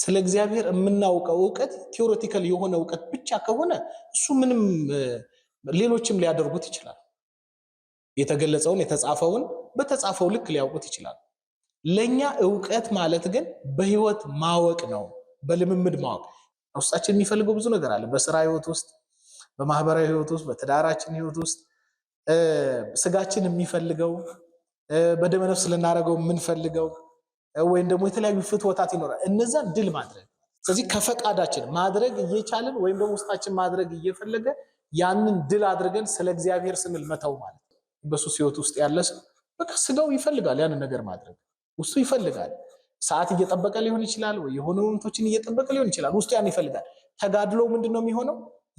ስለ እግዚአብሔር የምናውቀው እውቀት ቴዎሬቲካል የሆነ እውቀት ብቻ ከሆነ እሱ ምንም ሌሎችም ሊያደርጉት ይችላል። የተገለጸውን የተጻፈውን በተጻፈው ልክ ሊያውቁት ይችላል። ለእኛ እውቀት ማለት ግን በህይወት ማወቅ ነው፣ በልምምድ ማወቅ። ውስጣችን የሚፈልገው ብዙ ነገር አለ። በስራ ህይወት ውስጥ፣ በማህበራዊ ህይወት ውስጥ፣ በትዳራችን ህይወት ውስጥ ስጋችን የሚፈልገው በደመነፍስ ልናደርገው የምንፈልገው ወይም ደግሞ የተለያዩ ፍትወታት ይኖራል። እነዛን ድል ማድረግ ስለዚህ ከፈቃዳችን ማድረግ እየቻልን ወይም ደግሞ ውስጣችን ማድረግ እየፈለገ ያንን ድል አድርገን ስለ እግዚአብሔር ስንል መተው ማለት ነው። በሱስ ህይወት ውስጥ ያለ ሰው በቃ ስጋው ይፈልጋል ያንን ነገር ማድረግ ውስጡ ይፈልጋል። ሰዓት እየጠበቀ ሊሆን ይችላል፣ ወይ የሆኑ ምቶችን እየጠበቀ ሊሆን ይችላል። ውስጡ ያን ይፈልጋል። ተጋድሎ ምንድን ነው የሚሆነው?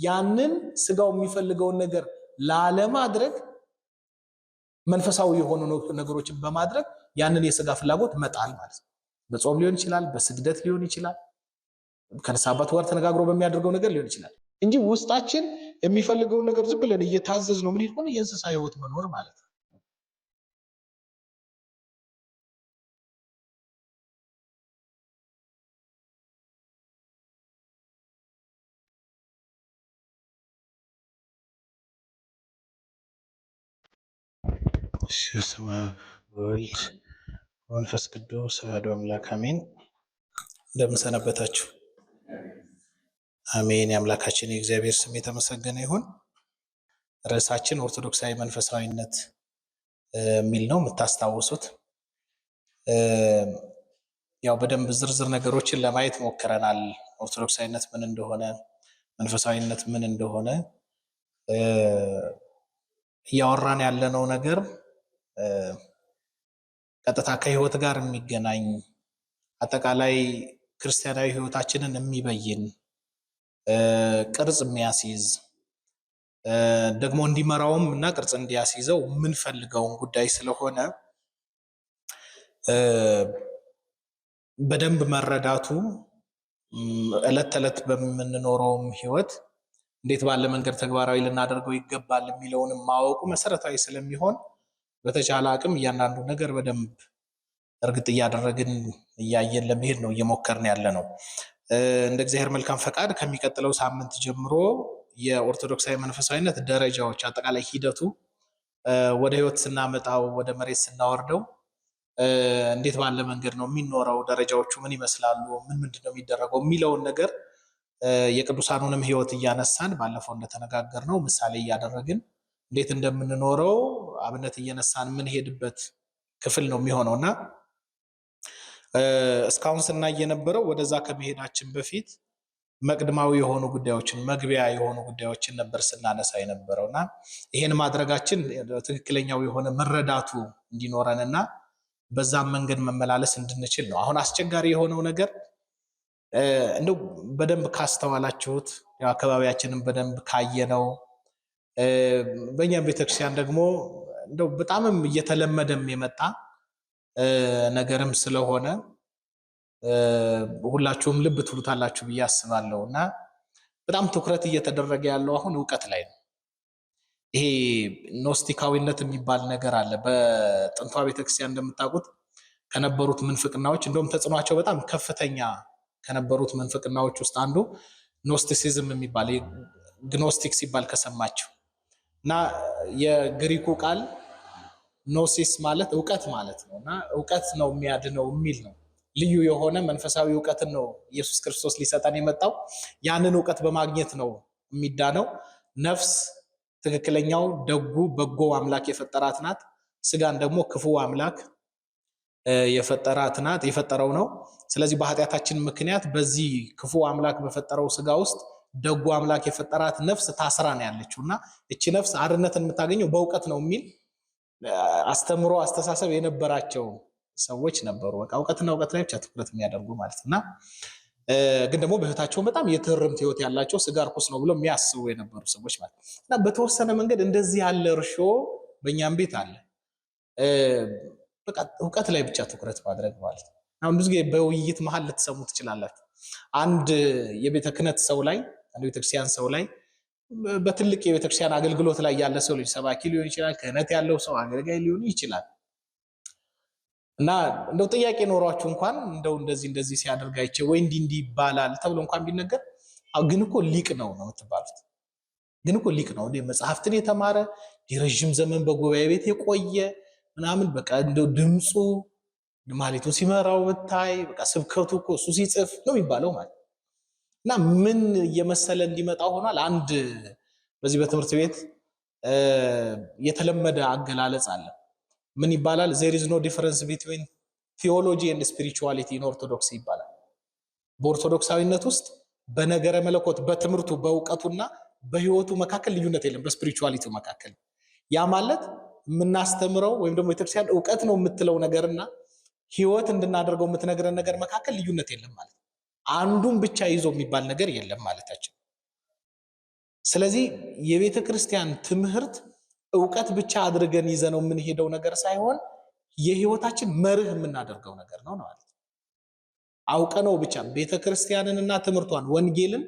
ያንን ስጋው የሚፈልገውን ነገር ላለማድረግ መንፈሳዊ የሆኑ ነገሮችን በማድረግ ያንን የስጋ ፍላጎት መጣል ማለት ነው። በጾም ሊሆን ይችላል፣ በስግደት ሊሆን ይችላል፣ ከነሳባት ጋር ተነጋግሮ በሚያደርገው ነገር ሊሆን ይችላል እንጂ ውስጣችን የሚፈልገውን ነገር ዝም ብለን እየታዘዝ ነው ምን ሆነ የእንስሳ ህይወት መኖር ማለት ነው። እሺ መንፈስ ቅዱስ አሐዱ አምላክ አሜን። እንደምሰነበታችሁ አሜን። የአምላካችን የእግዚአብሔር ስም የተመሰገነ ይሁን። ርዕሳችን ኦርቶዶክሳዊ መንፈሳዊነት የሚል ነው። የምታስታውሱት ያው በደንብ ዝርዝር ነገሮችን ለማየት ሞክረናል። ኦርቶዶክሳዊነት ምን እንደሆነ፣ መንፈሳዊነት ምን እንደሆነ እያወራን ያለነው ነገር ቀጥታ ከህይወት ጋር የሚገናኝ አጠቃላይ ክርስቲያናዊ ህይወታችንን የሚበይን ቅርጽ የሚያስይዝ ደግሞ እንዲመራውም እና ቅርጽ እንዲያስይዘው የምንፈልገውን ጉዳይ ስለሆነ በደንብ መረዳቱ እለት ተዕለት በምንኖረውም ህይወት እንዴት ባለ መንገድ ተግባራዊ ልናደርገው ይገባል የሚለውንም ማወቁ መሰረታዊ ስለሚሆን በተቻለ አቅም እያንዳንዱ ነገር በደንብ እርግጥ እያደረግን እያየን ለመሄድ ነው እየሞከርን ያለ ነው። እንደ እግዚአብሔር መልካም ፈቃድ ከሚቀጥለው ሳምንት ጀምሮ የኦርቶዶክሳዊ መንፈሳዊነት ደረጃዎች አጠቃላይ ሂደቱ ወደ ህይወት ስናመጣው ወደ መሬት ስናወርደው እንዴት ባለ መንገድ ነው የሚኖረው፣ ደረጃዎቹ ምን ይመስላሉ፣ ምን ምንድን ነው የሚደረገው የሚለውን ነገር የቅዱሳኑንም ህይወት እያነሳን ባለፈው እንደተነጋገር ነው ምሳሌ እያደረግን እንዴት እንደምንኖረው አብነት እየነሳን የምንሄድበት ክፍል ነው የሚሆነው እና እስካሁን ስናይ የነበረው ወደዛ ከመሄዳችን በፊት መቅድማዊ የሆኑ ጉዳዮችን መግቢያ የሆኑ ጉዳዮችን ነበር ስናነሳ የነበረው እና ይሄን ማድረጋችን ትክክለኛው የሆነ መረዳቱ እንዲኖረን እና በዛም መንገድ መመላለስ እንድንችል ነው። አሁን አስቸጋሪ የሆነው ነገር እንደው በደንብ ካስተዋላችሁት አካባቢያችንን በደንብ ካየነው በእኛም ቤተክርስቲያን ደግሞ እንደው በጣምም እየተለመደም የመጣ ነገርም ስለሆነ ሁላችሁም ልብ ትሉታላችሁ ብዬ አስባለሁ እና በጣም ትኩረት እየተደረገ ያለው አሁን እውቀት ላይ ነው። ይሄ ኖስቲካዊነት የሚባል ነገር አለ። በጥንቷ ቤተክርስቲያን እንደምታውቁት ከነበሩት ምንፍቅናዎች እንደውም ተጽዕኖቸው በጣም ከፍተኛ ከነበሩት ምንፍቅናዎች ውስጥ አንዱ ኖስቲሲዝም የሚባል ግኖስቲክ ሲባል ከሰማቸው እና የግሪኩ ቃል ኖሲስ ማለት እውቀት ማለት ነው እና እውቀት ነው የሚያድነው የሚል ነው። ልዩ የሆነ መንፈሳዊ እውቀትን ነው ኢየሱስ ክርስቶስ ሊሰጠን የመጣው። ያንን እውቀት በማግኘት ነው የሚዳነው። ነፍስ ትክክለኛው ደጉ በጎ አምላክ የፈጠራት ናት። ስጋን ደግሞ ክፉ አምላክ የፈጠራት ናት የፈጠረው ነው። ስለዚህ በኃጢአታችን ምክንያት በዚህ ክፉ አምላክ በፈጠረው ስጋ ውስጥ ደጉ አምላክ የፈጠራት ነፍስ ታስራ ነው ያለችው እና እቺ ነፍስ አርነትን የምታገኘው በእውቀት ነው የሚል አስተምሮ አስተሳሰብ የነበራቸው ሰዎች ነበሩ። በቃ እውቀትና እውቀት ላይ ብቻ ትኩረት የሚያደርጉ ማለት እና ግን ደግሞ በህይወታቸው በጣም የትርምት ህይወት ያላቸው ስጋ ርኩስ ነው ብሎ የሚያስቡ የነበሩ ሰዎች ማለት እና በተወሰነ መንገድ እንደዚህ ያለ እርሾ በእኛም ቤት አለ። እውቀት ላይ ብቻ ትኩረት ማድረግ ማለት ነው። አሁን ብዙ ጊዜ በውይይት መሀል ልትሰሙ ትችላላችሁ። አንድ የቤተ ክህነት ሰው ላይ አንድ ቤተክርስቲያን ሰው ላይ በትልቅ የቤተክርስቲያን አገልግሎት ላይ ያለ ሰው ልጅ ሰባኪ ሊሆን ይችላል። ክህነት ያለው ሰው አገልጋይ ሊሆን ይችላል። እና እንደው ጥያቄ ኖሯችሁ እንኳን እንደው እንደዚህ እንደዚህ ሲያደርግ አይቼ ወይ እንዲህ እንዲህ ይባላል ተብሎ እንኳን ቢነገር ግን እኮ ሊቅ ነው ነው የምትባሉት። ግን እኮ ሊቅ ነው መጽሐፍትን የተማረ የረዥም ዘመን በጉባኤ ቤት የቆየ ምናምን በቃ እንደው ድምፁ ማሌቱ ሲመራው ብታይ በቃ ስብከቱ እኮ እሱ ሲጽፍ ነው የሚባለው ማለት እና ምን እየመሰለ እንዲመጣ ሆኗል። አንድ በዚህ በትምህርት ቤት የተለመደ አገላለጽ አለ። ምን ይባላል? ዜር ኢዝ ኖ ዲፈረንስ ቢትዊን ቴዎሎጂ ኤንድ ስፒሪቹዋሊቲ ኢን ኦርቶዶክስ ይባላል። በኦርቶዶክሳዊነት ውስጥ በነገረ መለኮት በትምህርቱ በእውቀቱና በህይወቱ መካከል ልዩነት የለም፣ በስፒሪቹዋሊቲው መካከል። ያ ማለት የምናስተምረው ወይም ደግሞ ቤተክርስቲያን እውቀት ነው የምትለው ነገርና ህይወት እንድናደርገው የምትነግረን ነገር መካከል ልዩነት የለም ማለት አንዱን ብቻ ይዞ የሚባል ነገር የለም ማለታችን። ስለዚህ የቤተ ክርስቲያን ትምህርት እውቀት ብቻ አድርገን ይዘነው የምንሄደው ነገር ሳይሆን የህይወታችን መርህ የምናደርገው ነገር ነው ማለት ነው። አውቀነው ብቻ ቤተ ክርስቲያንንና ትምህርቷን ወንጌልን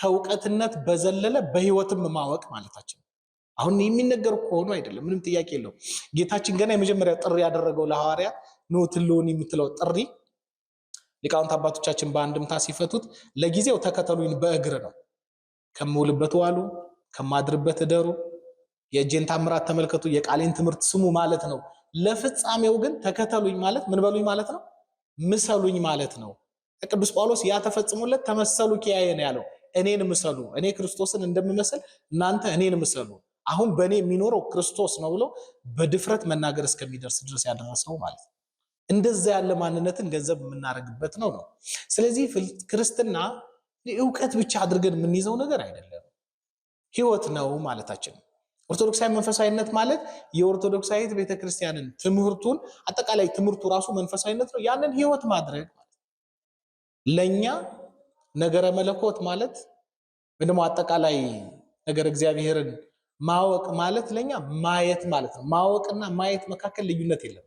ከእውቀትነት በዘለለ በህይወትም ማወቅ ማለታችን። አሁን የሚነገር ከሆኑ አይደለም፣ ምንም ጥያቄ የለው ጌታችን ገና የመጀመሪያ ጥሪ ያደረገው ለሐዋርያ ኑ የምትለው ጥሪ ሊቃውንት አባቶቻችን በአንድምታ ሲፈቱት ለጊዜው ተከተሉኝ በእግር ነው። ከምውልበት ዋሉ፣ ከማድርበት እደሩ፣ የእጄን ታምራት ተመልከቱ፣ የቃሌን ትምህርት ስሙ ማለት ነው። ለፍጻሜው ግን ተከተሉኝ ማለት ምን በሉኝ ማለት ነው? ምሰሉኝ ማለት ነው። ቅዱስ ጳውሎስ ያ ተፈጽሞለት ተመሰሉ ኪያዬ ነው ያለው። እኔን ምሰሉ፣ እኔ ክርስቶስን እንደምመስል እናንተ እኔን ምሰሉ። አሁን በእኔ የሚኖረው ክርስቶስ ነው ብሎ በድፍረት መናገር እስከሚደርስ ድረስ ያደረሰው ማለት ነው። እንደዛ ያለ ማንነትን ገንዘብ የምናደርግበት ነው ነው። ስለዚህ ክርስትና እውቀት ብቻ አድርገን የምንይዘው ነገር አይደለም፣ ህይወት ነው ማለታችን። ኦርቶዶክሳዊ መንፈሳዊነት ማለት የኦርቶዶክሳዊት ቤተክርስቲያንን ትምህርቱን አጠቃላይ ትምህርቱ ራሱ መንፈሳዊነት ነው፣ ያንን ህይወት ማድረግ ማለት ለእኛ ነገረ መለኮት ማለት ወይ ደግሞ አጠቃላይ ነገር እግዚአብሔርን ማወቅ ማለት ለእኛ ማየት ማለት ነው። ማወቅና ማየት መካከል ልዩነት የለም።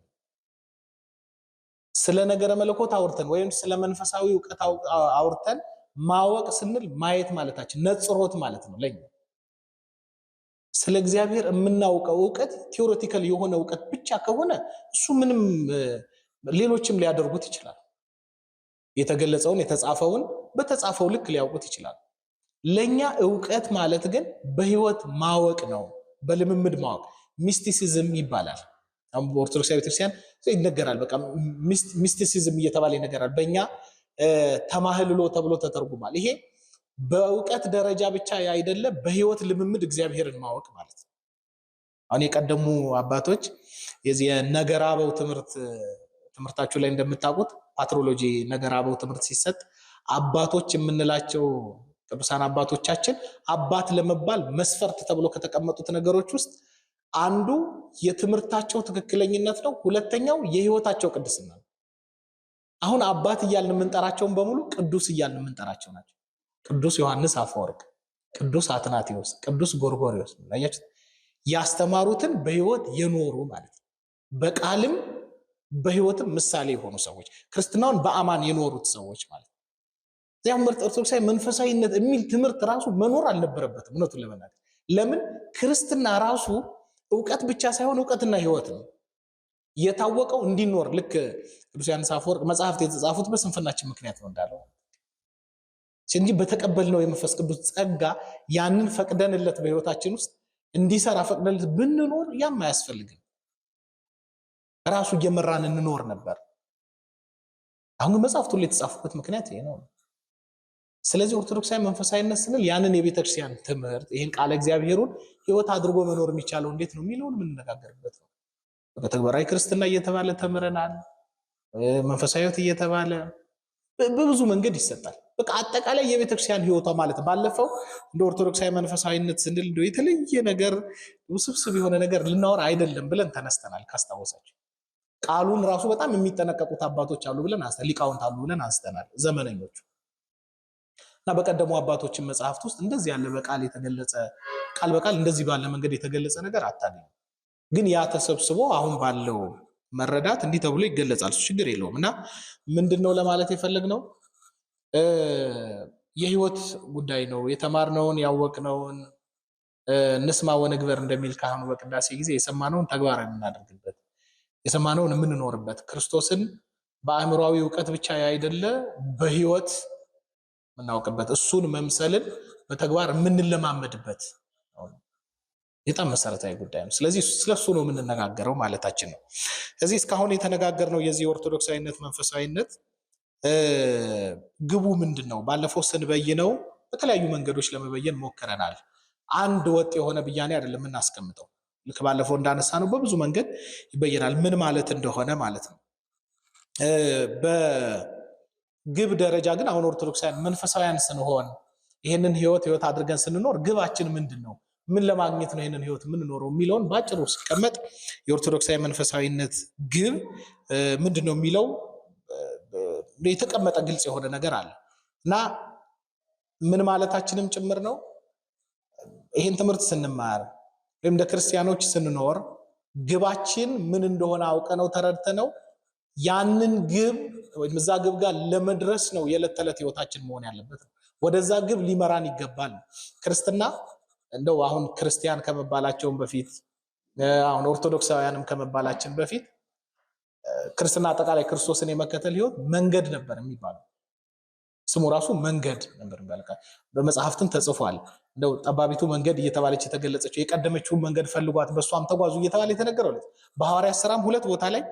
ስለ ነገረ መለኮት አውርተን ወይም ስለ መንፈሳዊ እውቀት አውርተን ማወቅ ስንል ማየት ማለታችን ነጽሮት ማለት ነው። ለኛ ስለ እግዚአብሔር የምናውቀው እውቀት ቴዎሬቲካል የሆነ እውቀት ብቻ ከሆነ እሱ ምንም ሌሎችም ሊያደርጉት ይችላል። የተገለጸውን የተጻፈውን በተጻፈው ልክ ሊያውቁት ይችላል። ለኛ እውቀት ማለት ግን በህይወት ማወቅ ነው፣ በልምምድ ማወቅ ሚስቲሲዝም ይባላል። ኦርቶዶክስ ቤተክርስቲያን ይነገራል። በቃ ሚስቲሲዝም እየተባለ ይነገራል። በእኛ ተማህልሎ ተብሎ ተተርጉሟል። ይሄ በእውቀት ደረጃ ብቻ አይደለም፣ በህይወት ልምምድ እግዚአብሔርን ማወቅ ማለት ነው። አሁን የቀደሙ አባቶች የዚህ የነገረ አበው ትምህርት ትምህርታችሁ ላይ እንደምታውቁት ፓትሮሎጂ ነገረ አበው ትምህርት ሲሰጥ አባቶች የምንላቸው ቅዱሳን አባቶቻችን አባት ለመባል መስፈርት ተብሎ ከተቀመጡት ነገሮች ውስጥ አንዱ የትምህርታቸው ትክክለኝነት ነው። ሁለተኛው የህይወታቸው ቅድስና ነው። አሁን አባት እያልን የምንጠራቸውን በሙሉ ቅዱስ እያልን የምንጠራቸው ናቸው። ቅዱስ ዮሐንስ አፈወርቅ፣ ቅዱስ አትናቴዎስ፣ ቅዱስ ጎርጎሪዎስ ያቸው ያስተማሩትን በህይወት የኖሩ ማለት ነው። በቃልም በህይወትም ምሳሌ የሆኑ ሰዎች ክርስትናውን በአማን የኖሩት ሰዎች ማለት ነው። እዚያ ምርጥ ኦርቶዶክሳዊ መንፈሳዊነት የሚል ትምህርት ራሱ መኖር አልነበረበትም እውነቱን ለመናገር ለምን ክርስትና ራሱ እውቀት ብቻ ሳይሆን እውቀትና ህይወት ነው። የታወቀው እንዲኖር ልክ ቅዱስ ዮሐንስ አፈወርቅ መጽሐፍት የተጻፉት በስንፍናችን ምክንያት ነው እንዳለው እንጂ በተቀበልነው የመንፈስ ቅዱስ ጸጋ ያንን ፈቅደንለት በህይወታችን ውስጥ እንዲሰራ ፈቅደንለት ብንኖር ያም አያስፈልግም። ራሱ እየመራን እንኖር ነበር። አሁን መጽሐፍት መጽሐፍቱ የተጻፉበት ምክንያት ይሄ ነው። ስለዚህ ኦርቶዶክሳዊ መንፈሳዊነት ስንል ያንን የቤተክርስቲያን ትምህርት ይህን ቃለ እግዚአብሔሩን ህይወት አድርጎ መኖር የሚቻለው እንዴት ነው የሚለውን የምንነጋገርበት ነው። በተግባራዊ ክርስትና እየተባለ ተምረናል። መንፈሳዊ እየተባለ በብዙ መንገድ ይሰጣል። በቃ አጠቃላይ የቤተክርስቲያን ህይወቷ ማለት ባለፈው እንደ ኦርቶዶክሳዊ መንፈሳዊነት ስንል እንደ የተለየ ነገር ውስብስብ የሆነ ነገር ልናወራ አይደለም ብለን ተነስተናል። ካስታወሳቸው ቃሉን ራሱ በጣም የሚጠነቀቁት አባቶች አሉ ብለን ሊቃውንት አሉ ብለን አንስተናል። ዘመነኞቹ እና በቀደሙ አባቶችን መጽሐፍት ውስጥ እንደዚህ ያለ በቃል የተገለጸ ቃል በቃል እንደዚህ ባለ መንገድ የተገለጸ ነገር አታገኙ። ግን ያ ተሰብስቦ አሁን ባለው መረዳት እንዲህ ተብሎ ይገለጻል። እሱ ችግር የለውም። እና ምንድን ነው ለማለት የፈለግነው የህይወት ጉዳይ ነው። የተማርነውን ያወቅነውን ንስማ ወነግበር እንደሚል ካህኑ በቅዳሴ ጊዜ የሰማነውን ተግባር የምናደርግበት የሰማነውን የምንኖርበት ክርስቶስን በአእምሯዊ እውቀት ብቻ ያይደለ በህይወት የምናውቅበት እሱን መምሰልን በተግባር የምንለማመድበት በጣም መሰረታዊ ጉዳይ ነው። ስለዚህ ስለሱ ነው የምንነጋገረው ማለታችን ነው። እዚህ እስካሁን የተነጋገርነው የዚህ ኦርቶዶክሳዊነት መንፈሳዊነት ግቡ ምንድን ነው? ባለፈው ስንበይነው በተለያዩ መንገዶች ለመበየን ሞክረናል። አንድ ወጥ የሆነ ብያኔ አይደለም የምናስቀምጠው። ልክ ባለፈው እንዳነሳ ነው በብዙ መንገድ ይበየናል። ምን ማለት እንደሆነ ማለት ነው ግብ ደረጃ ግን አሁን ኦርቶዶክሳውያን መንፈሳውያን ስንሆን ይህንን ህይወት ህይወት አድርገን ስንኖር ግባችን ምንድን ነው? ምን ለማግኘት ነው ይህንን ህይወት የምንኖረው የሚለውን በአጭሩ ሲቀመጥ የኦርቶዶክሳዊ መንፈሳዊነት ግብ ምንድን ነው የሚለው የተቀመጠ ግልጽ የሆነ ነገር አለ እና ምን ማለታችንም ጭምር ነው። ይህን ትምህርት ስንማር ወይም እንደ ክርስቲያኖች ስንኖር ግባችን ምን እንደሆነ አውቀ ነው ተረድተ ነው ያንን ግብ ወይም እዛ ግብ ጋር ለመድረስ ነው የዕለት ተዕለት ህይወታችን መሆን ያለበት። ወደዛ ግብ ሊመራን ይገባል። ክርስትና እንደው አሁን ክርስቲያን ከመባላቸውን በፊት አሁን ኦርቶዶክሳውያንም ከመባላችን በፊት ክርስትና አጠቃላይ ክርስቶስን የመከተል ህይወት መንገድ ነበር የሚባለው። ስሙ ራሱ መንገድ ነበር። በመጽሐፍትም ተጽፏል። እንደው ጠባቢቱ መንገድ እየተባለች የተገለጸችው የቀደመችውን መንገድ ፈልጓት በእሷም ተጓዙ እየተባለ የተነገረው ልጅ በሐዋርያት ስራም ሁለት ቦታ ላይ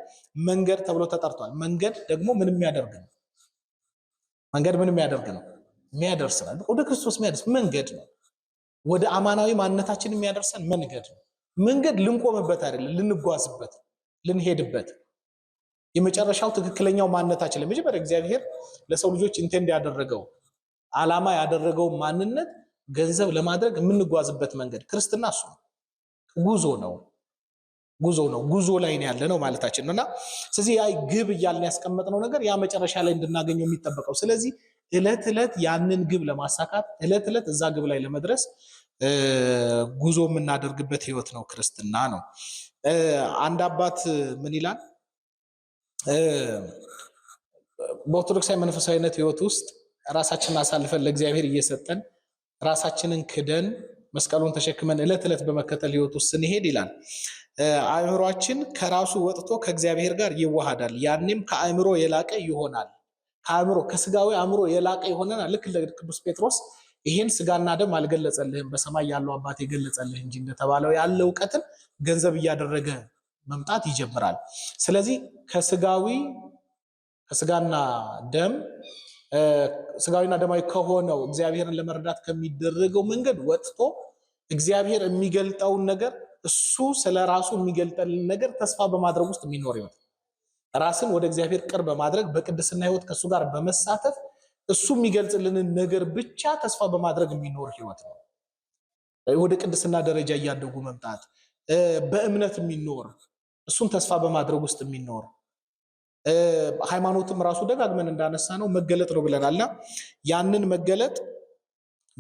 መንገድ ተብሎ ተጠርቷል። መንገድ ደግሞ ምን የሚያደርግ ነው? መንገድ ምን የሚያደርግ ነው? የሚያደርስ ነው። ወደ ክርስቶስ የሚያደርስ መንገድ ነው። ወደ አማናዊ ማንነታችን የሚያደርሰን መንገድ ነው። መንገድ ልንቆምበት አይደለም፣ ልንጓዝበት፣ ልንሄድበት የመጨረሻው ትክክለኛው ማንነታችን ለመጀመሪያ እግዚአብሔር ለሰው ልጆች እንቴንድ ያደረገው ዓላማ ያደረገው ማንነት ገንዘብ ለማድረግ የምንጓዝበት መንገድ ክርስትና እሱ ነው። ጉዞ ነው ጉዞ ነው ጉዞ ላይ ያለ ነው ማለታችን ነው። እና ስለዚህ ያ ግብ እያልን ያስቀመጥነው ነገር ያ መጨረሻ ላይ እንድናገኘው የሚጠበቀው ስለዚህ እለት እለት ያንን ግብ ለማሳካት እለት እለት እዛ ግብ ላይ ለመድረስ ጉዞ የምናደርግበት ህይወት ነው ክርስትና ነው። አንድ አባት ምን ይላል? በኦርቶዶክሳዊ መንፈሳዊነት ህይወት ውስጥ ራሳችንን አሳልፈን ለእግዚአብሔር እየሰጠን ራሳችንን ክደን መስቀሉን ተሸክመን ዕለት ዕለት በመከተል ህይወት ውስጥ ስንሄድ ይላል አእምሯችን ከራሱ ወጥቶ ከእግዚአብሔር ጋር ይዋሃዳል። ያኔም ከአእምሮ የላቀ ይሆናል። ከአእምሮ ከስጋዊ አእምሮ የላቀ ይሆነናል። ልክ ለቅዱስ ጴጥሮስ ይህን ስጋና ደም አልገለጸልህም በሰማይ ያለው አባት የገለጸልህ እንጂ እንደተባለው ያለ እውቀትን ገንዘብ እያደረገ መምጣት ይጀምራል። ስለዚህ ከስጋዊ ከስጋና ደም ስጋዊና ደማዊ ከሆነው እግዚአብሔርን ለመረዳት ከሚደረገው መንገድ ወጥቶ እግዚአብሔር የሚገልጠውን ነገር እሱ ስለ ራሱ የሚገልጠልን ነገር ተስፋ በማድረግ ውስጥ የሚኖር ይሆን ራስን ወደ እግዚአብሔር ቅርብ በማድረግ በቅድስና ህይወት ከእሱ ጋር በመሳተፍ እሱ የሚገልጽልንን ነገር ብቻ ተስፋ በማድረግ የሚኖር ህይወት ነው። ወደ ቅድስና ደረጃ እያደጉ መምጣት፣ በእምነት የሚኖር እሱን ተስፋ በማድረግ ውስጥ የሚኖር ሃይማኖትም ራሱ ደጋግመን እንዳነሳ ነው መገለጥ ነው ብለናል እና ያንን መገለጥ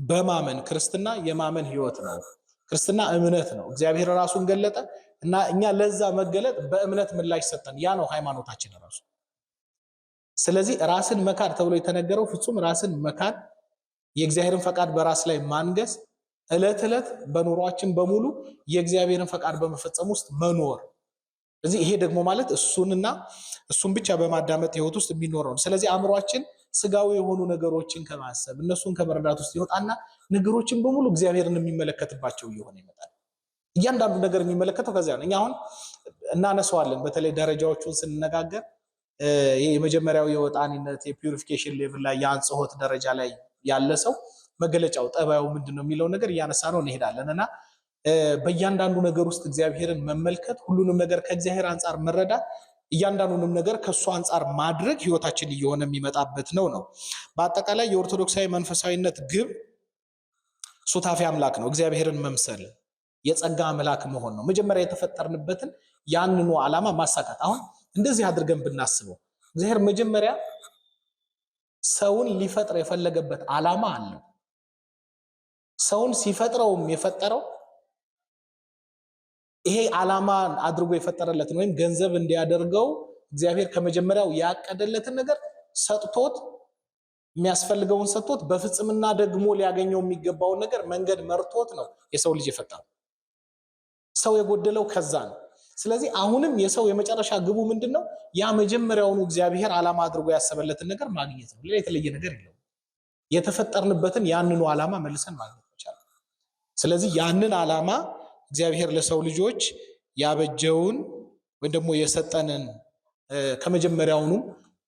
በማመን ክርስትና የማመን ህይወት ነው። ክርስትና እምነት ነው። እግዚአብሔር ራሱን ገለጠ እና እኛ ለዛ መገለጥ በእምነት ምላሽ ሰጠን። ያ ነው ሃይማኖታችን ራሱ። ስለዚህ ራስን መካድ ተብሎ የተነገረው ፍጹም ራስን መካድ፣ የእግዚአብሔርን ፈቃድ በራስ ላይ ማንገስ፣ እለት ዕለት በኑሯችን በሙሉ የእግዚአብሔርን ፈቃድ በመፈጸም ውስጥ መኖር ስለዚህ ይሄ ደግሞ ማለት እሱንና እሱን ብቻ በማዳመጥ ህይወት ውስጥ የሚኖር ነው። ስለዚህ አእምሯችን ስጋዊ የሆኑ ነገሮችን ከማሰብ እነሱን ከመረዳት ውስጥ ይወጣና ነገሮችን በሙሉ እግዚአብሔርን የሚመለከትባቸው እየሆነ ይመጣል። እያንዳንዱ ነገር የሚመለከተው ከዚያ ነው። እኛ አሁን እናነሰዋለን በተለይ ደረጃዎቹን ስንነጋገር የመጀመሪያው የወጣኒነት የፒሪፊኬሽን ሌቭል ላይ የአንጽሆት ደረጃ ላይ ያለ ሰው መገለጫው ጠባዩ ምንድን ነው የሚለው ነገር እያነሳ ነው እንሄዳለን እና በእያንዳንዱ ነገር ውስጥ እግዚአብሔርን መመልከት፣ ሁሉንም ነገር ከእግዚአብሔር አንጻር መረዳት፣ እያንዳንዱንም ነገር ከእሱ አንጻር ማድረግ ህይወታችን እየሆነ የሚመጣበት ነው ነው በአጠቃላይ የኦርቶዶክሳዊ መንፈሳዊነት ግብ ሱታፊ አምላክ ነው። እግዚአብሔርን መምሰል የጸጋ አምላክ መሆን ነው። መጀመሪያ የተፈጠርንበትን ያንኑ ዓላማ ማሳካት። አሁን እንደዚህ አድርገን ብናስበው እግዚአብሔር መጀመሪያ ሰውን ሊፈጥር የፈለገበት ዓላማ አለው። ሰውን ሲፈጥረውም የፈጠረው ይሄ ዓላማ አድርጎ የፈጠረለትን ወይም ገንዘብ እንዲያደርገው እግዚአብሔር ከመጀመሪያው ያቀደለትን ነገር ሰጥቶት የሚያስፈልገውን ሰጥቶት በፍጽምና ደግሞ ሊያገኘው የሚገባውን ነገር መንገድ መርቶት ነው የሰው ልጅ የፈጠረው። ሰው የጎደለው ከዛ ነው። ስለዚህ አሁንም የሰው የመጨረሻ ግቡ ምንድን ነው? ያ መጀመሪያውኑ እግዚአብሔር ዓላማ አድርጎ ያሰበለትን ነገር ማግኘት ነው። ሌላ የተለየ ነገር የለውም። የተፈጠርንበትን ያንኑ ዓላማ መልሰን ማግኘት ይቻላል። ስለዚህ ያንን ዓላማ እግዚአብሔር ለሰው ልጆች ያበጀውን ወይም ደግሞ የሰጠንን ከመጀመሪያውኑ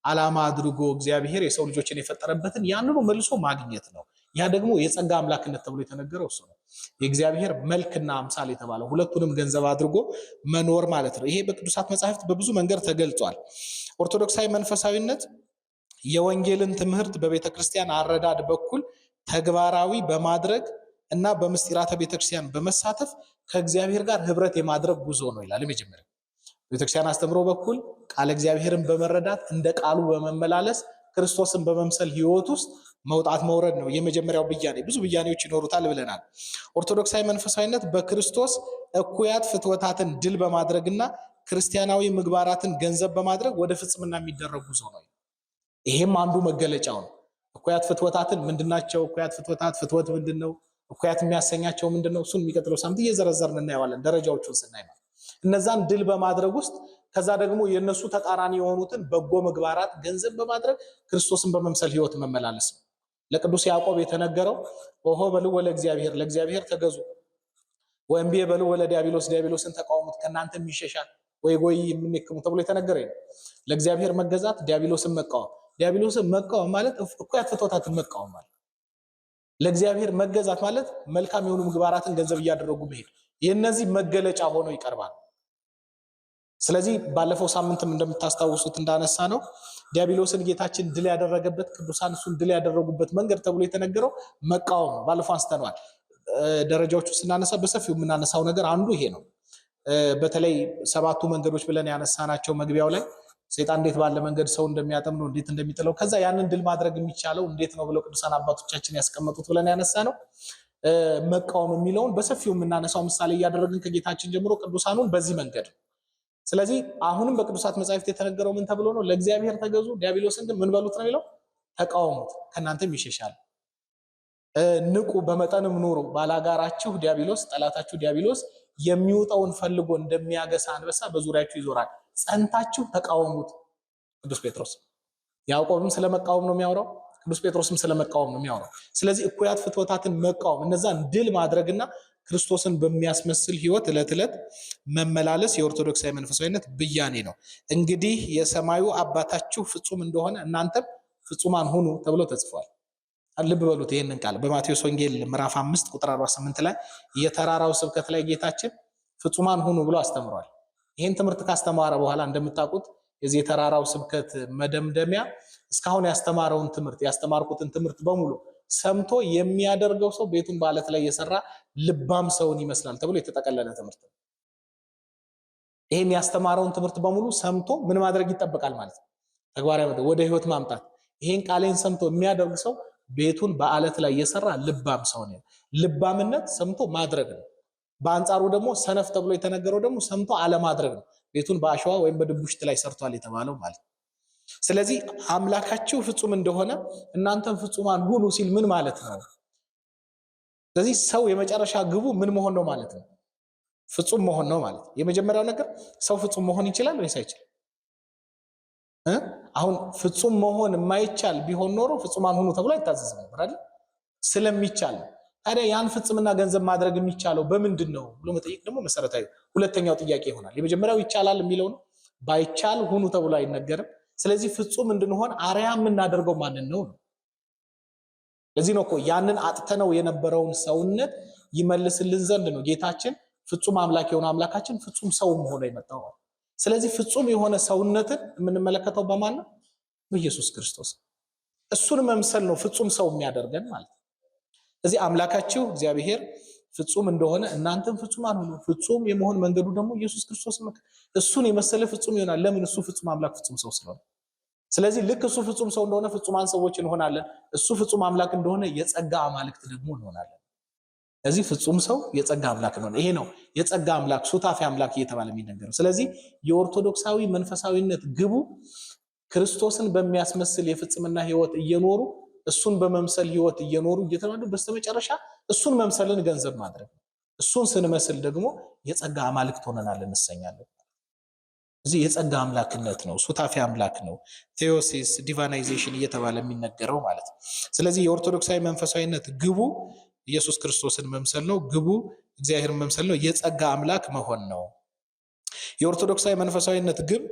ዓላማ አድርጎ እግዚአብሔር የሰው ልጆችን የፈጠረበትን ያንኑ መልሶ ማግኘት ነው። ያ ደግሞ የጸጋ አምላክነት ተብሎ የተነገረው እሱ ነው። የእግዚአብሔር መልክና አምሳል የተባለው ሁለቱንም ገንዘብ አድርጎ መኖር ማለት ነው። ይሄ በቅዱሳት መጽሐፍት በብዙ መንገድ ተገልጿል። ኦርቶዶክሳዊ መንፈሳዊነት የወንጌልን ትምህርት በቤተ ክርስቲያን አረዳድ በኩል ተግባራዊ በማድረግ እና በምስጢራተ ቤተክርስቲያን በመሳተፍ ከእግዚአብሔር ጋር ህብረት የማድረግ ጉዞ ነው ይላል። የመጀመሪያ ቤተክርስቲያን አስተምሮ በኩል ቃለ እግዚአብሔርን በመረዳት እንደ ቃሉ በመመላለስ ክርስቶስን በመምሰል ህይወት ውስጥ መውጣት መውረድ ነው የመጀመሪያው ብያኔ። ብዙ ብያኔዎች ይኖሩታል ብለናል። ኦርቶዶክሳዊ መንፈሳዊነት በክርስቶስ እኩያት ፍትወታትን ድል በማድረግና ክርስቲያናዊ ምግባራትን ገንዘብ በማድረግ ወደ ፍጽምና የሚደረግ ጉዞ ነው። ይሄም አንዱ መገለጫው ነው። እኩያት ፍትወታትን ምንድናቸው? እኩያት ፍትወታት ፍትወት ምንድን ነው? እኩያት የሚያሰኛቸው ምንድን ነው? እሱን የሚቀጥለው ሳምንት እየዘረዘርን እናየዋለን፣ ደረጃዎቹን ስናይ ማለት እነዛን ድል በማድረግ ውስጥ ከዛ ደግሞ የእነሱ ተቃራኒ የሆኑትን በጎ ምግባራት ገንዘብ በማድረግ ክርስቶስን በመምሰል ህይወት መመላለስ ነው። ለቅዱስ ያዕቆብ የተነገረው ኦሆ በሉ ወለ ለእግዚአብሔር ተገዙ። ወእምቢ በሉ ወለ ዲያብሎስ፣ ዲያብሎስን ተቃውሙት ከእናንተም ይሸሻል ወይ ጎይ የምንክሙ ተብሎ የተነገረ ነው። ለእግዚአብሔር መገዛት፣ ዲያብሎስን መቃወም። ዲያብሎስን መቃወም ማለት እኩያት ፍትወታትን መቃወም ማለት ለእግዚአብሔር መገዛት ማለት መልካም የሆኑ ምግባራትን ገንዘብ እያደረጉ መሄድ የእነዚህ መገለጫ ሆኖ ይቀርባል። ስለዚህ ባለፈው ሳምንትም እንደምታስታውሱት እንዳነሳ ነው ዲያብሎስን ጌታችን ድል ያደረገበት ቅዱሳን እሱን ድል ያደረጉበት መንገድ ተብሎ የተነገረው መቃወም ነው። ባለፈው አንስተነዋል። ደረጃዎቹ ስናነሳ በሰፊው የምናነሳው ነገር አንዱ ይሄ ነው። በተለይ ሰባቱ መንገዶች ብለን ያነሳናቸው መግቢያው ላይ ሰይጣን እንዴት ባለ መንገድ ሰው እንደሚያጠምነው እንዴት እንደሚጥለው ከዛ ያንን ድል ማድረግ የሚቻለው እንዴት ነው ብለው ቅዱሳን አባቶቻችን ያስቀመጡት ብለን ያነሳ ነው መቃወም የሚለውን በሰፊው የምናነሳው ምሳሌ እያደረግን ከጌታችን ጀምሮ ቅዱሳኑን በዚህ መንገድ ነው። ስለዚህ አሁንም በቅዱሳት መጽሐፍት የተነገረው ምን ተብሎ ነው? ለእግዚአብሔር ተገዙ፣ ዲያብሎስን ግን ምን በሉት ነው የሚለው? ተቃወሙት፣ ከእናንተም ይሸሻል። ንቁ፣ በመጠንም ኑሩ። ባላጋራችሁ ዲያብሎስ፣ ጠላታችሁ ዲያብሎስ የሚውጠውን ፈልጎ እንደሚያገሳ አንበሳ በዙሪያችሁ ይዞራል። ጸንታችሁ ተቃወሙት። ቅዱስ ጴጥሮስ ያዕቆብም ስለመቃወም ነው የሚያወራው። ቅዱስ ጴጥሮስም ስለመቃወም ነው የሚያወራው። ስለዚህ እኩያት ፍትወታትን መቃወም፣ እነዛን ድል ማድረግና ክርስቶስን በሚያስመስል ህይወት ዕለት ዕለት መመላለስ የኦርቶዶክሳዊ መንፈሳዊነት ብያኔ ነው። እንግዲህ የሰማዩ አባታችሁ ፍጹም እንደሆነ እናንተም ፍጹማን ሁኑ ተብሎ ተጽፏል። ልብ በሉት ይህንን ቃል በማቴዎስ ወንጌል ምዕራፍ አምስት ቁጥር 48 ላይ የተራራው ስብከት ላይ ጌታችን ፍጹማን ሁኑ ብሎ አስተምሯል። ይህን ትምህርት ካስተማረ በኋላ እንደምታውቁት የዚህ የተራራው ስብከት መደምደሚያ እስካሁን ያስተማረውን ትምህርት ያስተማርኩትን ትምህርት በሙሉ ሰምቶ የሚያደርገው ሰው ቤቱን በዓለት ላይ የሰራ ልባም ሰውን ይመስላል ተብሎ የተጠቀለለ ትምህርት ነው። ይህን ያስተማረውን ትምህርት በሙሉ ሰምቶ ምን ማድረግ ይጠበቃል ማለት ነው? ተግባራዊ ወደ ህይወት ማምጣት። ይህን ቃሌን ሰምቶ የሚያደርግ ሰው ቤቱን በዓለት ላይ የሰራ ልባም ሰውን። ልባምነት ሰምቶ ማድረግ ነው። በአንጻሩ ደግሞ ሰነፍ ተብሎ የተነገረው ደግሞ ሰምቶ አለማድረግ ነው። ቤቱን በአሸዋ ወይም በድቡሽት ላይ ሰርቷል የተባለው ማለት ነው። ስለዚህ አምላካችሁ ፍጹም እንደሆነ እናንተም ፍጹማን ሁኑ ሲል ምን ማለት ነው? ስለዚህ ሰው የመጨረሻ ግቡ ምን መሆን ነው ማለት ነው? ፍጹም መሆን ነው ማለት ነው። የመጀመሪያው ነገር ሰው ፍጹም መሆን ይችላል ወይስ አይችልም? አሁን ፍጹም መሆን የማይቻል ቢሆን ኖሮ ፍጹማን ሁኑ ተብሎ አይታዘዝም ነበር አይደል? ስለሚቻል ታዲያ ያን ፍጽምና ገንዘብ ማድረግ የሚቻለው በምንድን ነው ብሎ መጠየቅ ደግሞ መሰረታዊ ሁለተኛው ጥያቄ ይሆናል። የመጀመሪያው ይቻላል የሚለው ነው። ባይቻል ሁኑ ተብሎ አይነገርም። ስለዚህ ፍጹም እንድንሆን አርያ የምናደርገው ማንን ነው ነው። ለዚህ ነው እኮ ያንን አጥተነው የነበረውን ሰውነት ይመልስልን ዘንድ ነው ጌታችን ፍጹም አምላክ የሆነ አምላካችን ፍጹም ሰውም ሆኖ የመጣው። ስለዚህ ፍጹም የሆነ ሰውነትን የምንመለከተው በማን ነው? በኢየሱስ ክርስቶስ። እሱን መምሰል ነው ፍጹም ሰው የሚያደርገን ማለት ነው። እዚህ አምላካችሁ እግዚአብሔር ፍጹም እንደሆነ እናንተም ፍጹማን ሁኑ። ፍጹም የመሆን መንገዱ ደግሞ ኢየሱስ ክርስቶስ እሱን የመሰለ ፍጹም ይሆናል። ለምን? እሱ ፍጹም አምላክ ፍጹም ሰው ስለሆነ። ስለዚህ ልክ እሱ ፍጹም ሰው እንደሆነ ፍጹማን ሰዎች እንሆናለን። እሱ ፍጹም አምላክ እንደሆነ የጸጋ አማልክት ደግሞ እንሆናለን። እዚህ ፍጹም ሰው የጸጋ አምላክ ነው። ይሄ ነው የጸጋ አምላክ ሱታፊ አምላክ እየተባለ የሚነገረው። ስለዚህ የኦርቶዶክሳዊ መንፈሳዊነት ግቡ ክርስቶስን በሚያስመስል የፍጽምና ህይወት እየኖሩ እሱን በመምሰል ህይወት እየኖሩ እየተባሉ በስተመጨረሻ እሱን መምሰልን ገንዘብ ማድረግ ነው። እሱን ስንመስል ደግሞ የጸጋ አማልክት ሆነናል እንሰኛለን። እዚህ የጸጋ አምላክነት ነው፣ ሱታፊ አምላክ ነው። ቴዎሲስ ዲቫናይዜሽን እየተባለ የሚነገረው ማለት ነው። ስለዚህ የኦርቶዶክሳዊ መንፈሳዊነት ግቡ ኢየሱስ ክርስቶስን መምሰል ነው። ግቡ እግዚአብሔርን መምሰል ነው። የጸጋ አምላክ መሆን ነው። የኦርቶዶክሳዊ መንፈሳዊነት ግብ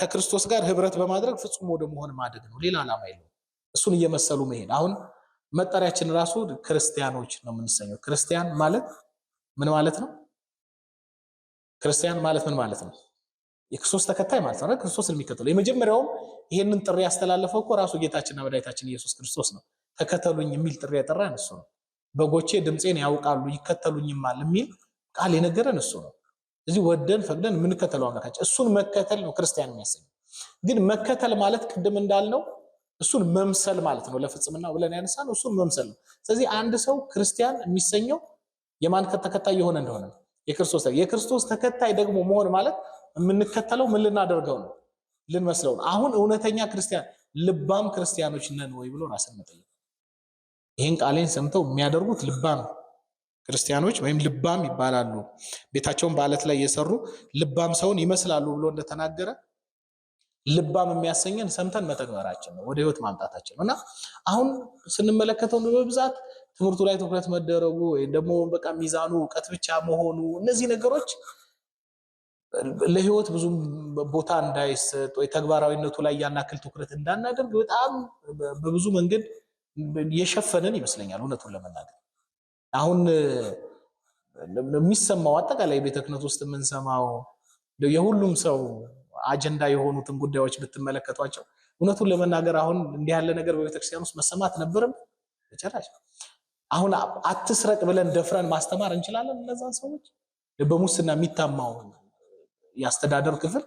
ከክርስቶስ ጋር ህብረት በማድረግ ፍጹም ወደ መሆን ማደግ ነው። ሌላ ዓላማ የለውም። እሱን እየመሰሉ መሄድ። አሁን መጠሪያችን ራሱ ክርስቲያኖች ነው የምንሰኘው። ክርስቲያን ማለት ምን ማለት ነው? ክርስቲያን ማለት ምን ማለት ነው? የክርስቶስ ተከታይ ማለት ነው። ክርስቶስን የሚከተሉ የመጀመሪያውም ይሄንን ጥሪ ያስተላለፈው እኮ ራሱ ጌታችንና መድኃኒታችን ኢየሱስ ክርስቶስ ነው። ተከተሉኝ የሚል ጥሪ ያጠራን እሱ ነው። በጎቼ ድምፄን ያውቃሉ ይከተሉኝማል የሚል ቃል የነገረን እሱ ነው። እዚህ ወደን ፈቅደን የምንከተለው አምላካችን እሱን መከተል ነው ክርስቲያን የሚያሰኘው። ግን መከተል ማለት ቅድም እንዳልነው እሱን መምሰል ማለት ነው። ለፍጽምና ብለን ነው እሱን መምሰል ነው። ስለዚህ አንድ ሰው ክርስቲያን የሚሰኘው የማን ተከታይ የሆነ እንደሆነ የክርስቶስ የክርስቶስ ተከታይ ደግሞ መሆን ማለት የምንከተለው ምን ልናደርገው ነው? ልንመስለው ነው። አሁን እውነተኛ ክርስቲያን ልባም ክርስቲያኖች ነን ወይ ብሎ ራስን መጠየቅ። ይህን ቃሌን ሰምተው የሚያደርጉት ልባም ክርስቲያኖች ወይም ልባም ይባላሉ። ቤታቸውን በአለት ላይ የሰሩ ልባም ሰውን ይመስላሉ ብሎ እንደተናገረ ልባም የሚያሰኘን ሰምተን መተግበራችን ነው፣ ወደ ህይወት ማምጣታችን ነው እና አሁን ስንመለከተው በብዛት ትምህርቱ ላይ ትኩረት መደረጉ ወይም ደግሞ በቃ ሚዛኑ እውቀት ብቻ መሆኑ እነዚህ ነገሮች ለህይወት ብዙም ቦታ እንዳይሰጥ ወይ ተግባራዊነቱ ላይ ያናክል ትኩረት እንዳናደርግ በጣም በብዙ መንገድ የሸፈንን ይመስለኛል። እውነቱን ለመናገር አሁን የሚሰማው አጠቃላይ ቤተ ክህነት ውስጥ የምንሰማው የሁሉም ሰው አጀንዳ የሆኑትን ጉዳዮች ብትመለከቷቸው እውነቱን ለመናገር አሁን እንዲህ ያለ ነገር በቤተክርስቲያን ውስጥ መሰማት ነበርም በጭራሽ። አሁን አትስረቅ ብለን ደፍረን ማስተማር እንችላለን። እነዛን ሰዎች በሙስና የሚታማውን የአስተዳደር ክፍል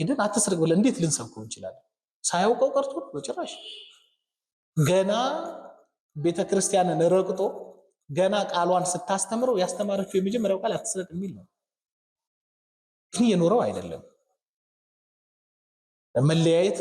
ሄደን አትስረቅ ብለን እንዴት ልንሰብከው እንችላለን? ሳያውቀው ቀርቶ በጭራሽ። ገና ቤተክርስቲያንን ረግጦ ገና ቃሏን ስታስተምረው ያስተማረችው የመጀመሪያው ቃል አትስረቅ የሚል ነው። ግን የኖረው አይደለም። መለያየትን